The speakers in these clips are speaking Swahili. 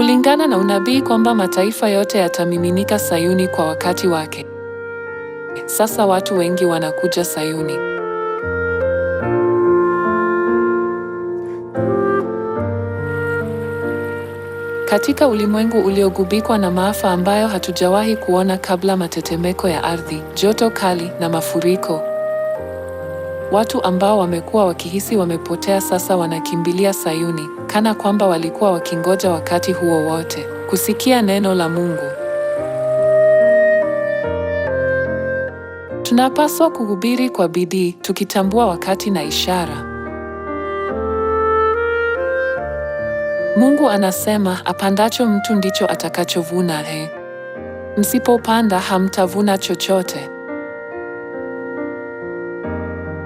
kulingana na unabii kwamba mataifa yote yatamiminika Sayuni kwa wakati wake. Sasa watu wengi wanakuja Sayuni. Katika ulimwengu uliogubikwa na maafa ambayo hatujawahi kuona kabla: matetemeko ya ardhi, joto kali na mafuriko. Watu ambao wamekuwa wakihisi wamepotea sasa wanakimbilia Sayuni, kana kwamba walikuwa wakingoja wakati huo wote kusikia neno la Mungu. Tunapaswa kuhubiri kwa bidii, tukitambua wakati na ishara. Mungu anasema apandacho mtu ndicho atakachovuna. He, msipopanda hamtavuna chochote.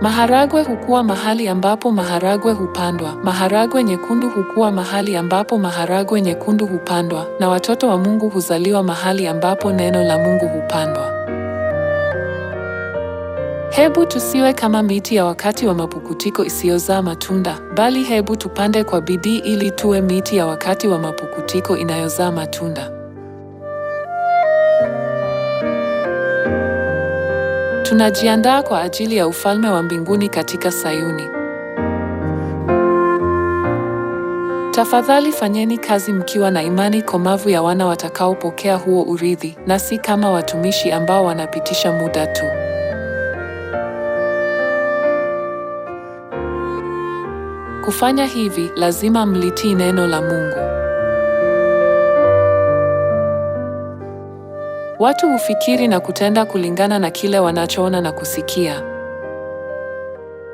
Maharagwe hukua mahali ambapo maharagwe hupandwa. Maharagwe nyekundu hukua mahali ambapo maharagwe nyekundu hupandwa, na watoto wa Mungu huzaliwa mahali ambapo neno la Mungu hupandwa. Hebu tusiwe kama miti ya wakati wa mapukutiko isiyozaa matunda, bali hebu tupande kwa bidii ili tuwe miti ya wakati wa mapukutiko inayozaa matunda. Tunajiandaa kwa ajili ya ufalme wa mbinguni katika Sayuni. Tafadhali fanyeni kazi mkiwa na imani komavu ya wana watakaopokea huo urithi, na si kama watumishi ambao wanapitisha muda tu. Kufanya hivi, lazima mlitii neno la Mungu. Watu hufikiri na kutenda kulingana na kile wanachoona na kusikia.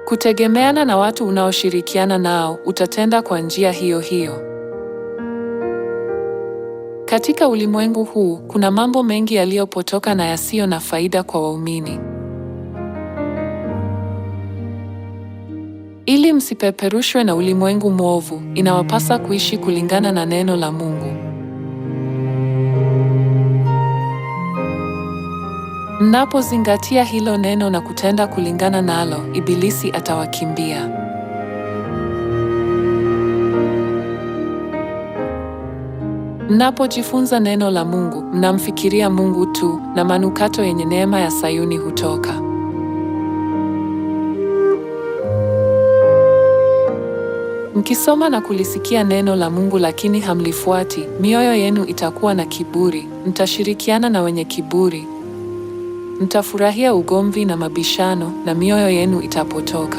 Kutegemeana na watu unaoshirikiana nao, utatenda kwa njia hiyo hiyo. Katika ulimwengu huu, kuna mambo mengi yaliyopotoka na yasiyo na faida kwa waumini. Ili msipeperushwe na ulimwengu mwovu, inawapasa kuishi kulingana na neno la Mungu. Mnapozingatia hilo neno na kutenda kulingana nalo, Ibilisi atawakimbia. Mnapojifunza neno la Mungu, mnamfikiria Mungu tu na manukato yenye neema ya Sayuni hutoka. Mkisoma na kulisikia neno la Mungu lakini hamlifuati, mioyo yenu itakuwa na kiburi, mtashirikiana na wenye kiburi. Mtafurahia ugomvi na mabishano na mioyo yenu itapotoka.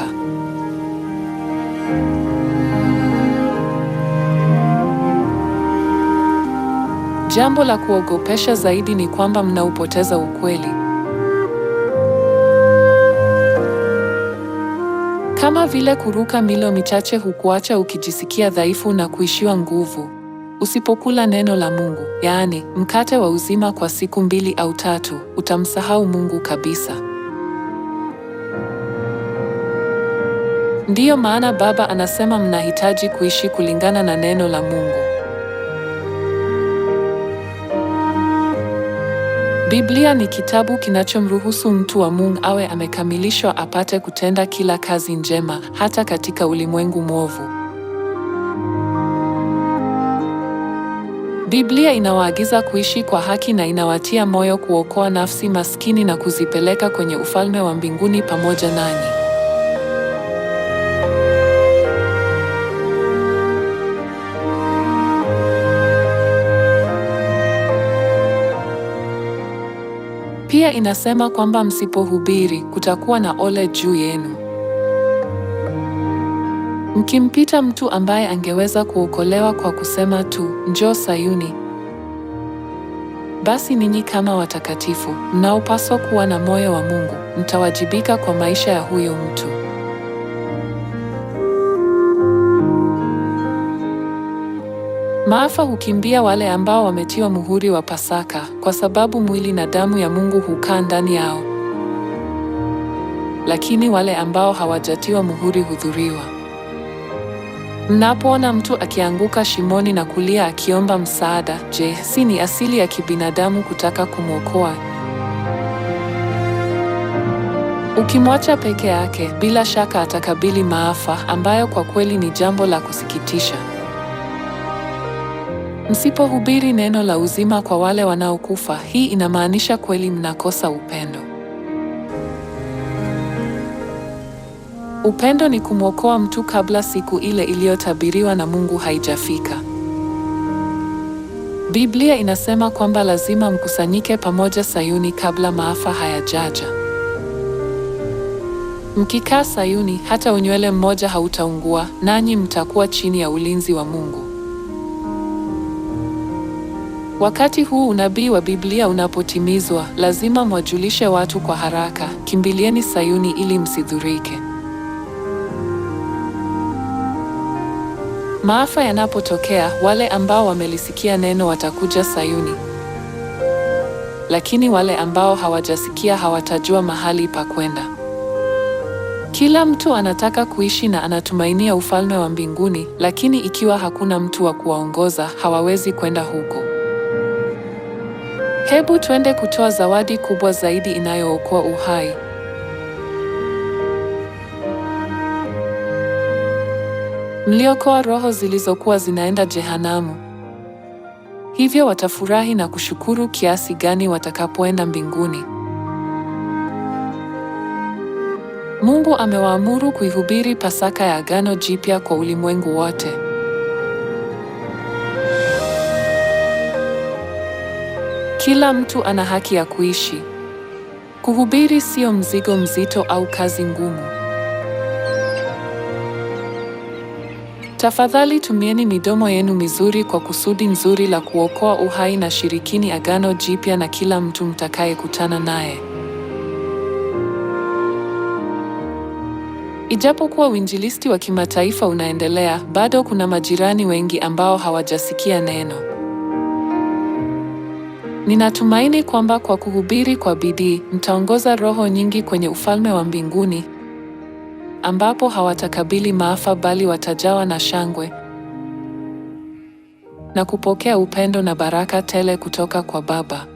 Jambo la kuogopesha zaidi ni kwamba mnaupoteza ukweli. Kama vile kuruka milo michache hukuacha ukijisikia dhaifu na kuishiwa nguvu. Usipokula neno la Mungu, yaani mkate wa uzima, kwa siku mbili au tatu, utamsahau Mungu kabisa. Ndiyo maana Baba anasema mnahitaji kuishi kulingana na neno la Mungu. Biblia ni kitabu kinachomruhusu mtu wa Mungu awe amekamilishwa apate kutenda kila kazi njema hata katika ulimwengu mwovu. Biblia inawaagiza kuishi kwa haki na inawatia moyo kuokoa nafsi maskini na kuzipeleka kwenye ufalme wa mbinguni pamoja nanyi. Pia inasema kwamba msipohubiri, kutakuwa na ole juu yenu. Mkimpita mtu ambaye angeweza kuokolewa kwa kusema tu, njoo Sayuni. Basi ninyi kama watakatifu, mnaopaswa kuwa na moyo wa Mungu, mtawajibika kwa maisha ya huyo mtu. Maafa hukimbia wale ambao wametiwa muhuri wa Pasaka, kwa sababu mwili na damu ya Mungu hukaa ndani yao. Lakini wale ambao hawajatiwa muhuri hudhuriwa. Mnapoona mtu akianguka shimoni na kulia akiomba msaada, je, si ni asili ya kibinadamu kutaka kumwokoa? Ukimwacha peke yake, bila shaka atakabili maafa ambayo kwa kweli ni jambo la kusikitisha. Msipohubiri neno la uzima kwa wale wanaokufa, hii inamaanisha kweli mnakosa upendo. Upendo ni kumwokoa mtu kabla siku ile iliyotabiriwa na Mungu haijafika. Biblia inasema kwamba lazima mkusanyike pamoja Sayuni kabla maafa hayajaja. Mkikaa Sayuni, hata unywele mmoja hautaungua, nanyi mtakuwa chini ya ulinzi wa Mungu. Wakati huu unabii wa Biblia unapotimizwa, lazima mwajulishe watu kwa haraka, kimbilieni Sayuni ili msidhurike. Maafa yanapotokea, wale ambao wamelisikia neno watakuja Sayuni, lakini wale ambao hawajasikia hawatajua mahali pa kwenda. Kila mtu anataka kuishi na anatumainia ufalme wa mbinguni, lakini ikiwa hakuna mtu wa kuwaongoza, hawawezi kwenda huko. Hebu twende kutoa zawadi kubwa zaidi inayookoa uhai. mliokoa roho zilizokuwa zinaenda jehanamu. Hivyo watafurahi na kushukuru kiasi gani watakapoenda mbinguni. Mungu amewaamuru kuihubiri Pasaka ya Agano Jipya kwa ulimwengu wote. Kila mtu ana haki ya kuishi. Kuhubiri sio mzigo mzito au kazi ngumu. Tafadhali tumieni midomo yenu mizuri kwa kusudi nzuri la kuokoa uhai na shirikini Agano Jipya na kila mtu mtakayekutana naye. Ijapokuwa uinjilisti wa kimataifa unaendelea, bado kuna majirani wengi ambao hawajasikia neno. Ninatumaini kwamba kwa kuhubiri kwa bidii, mtaongoza roho nyingi kwenye ufalme wa mbinguni ambapo hawatakabili maafa bali watajawa na shangwe na kupokea upendo na baraka tele kutoka kwa Baba.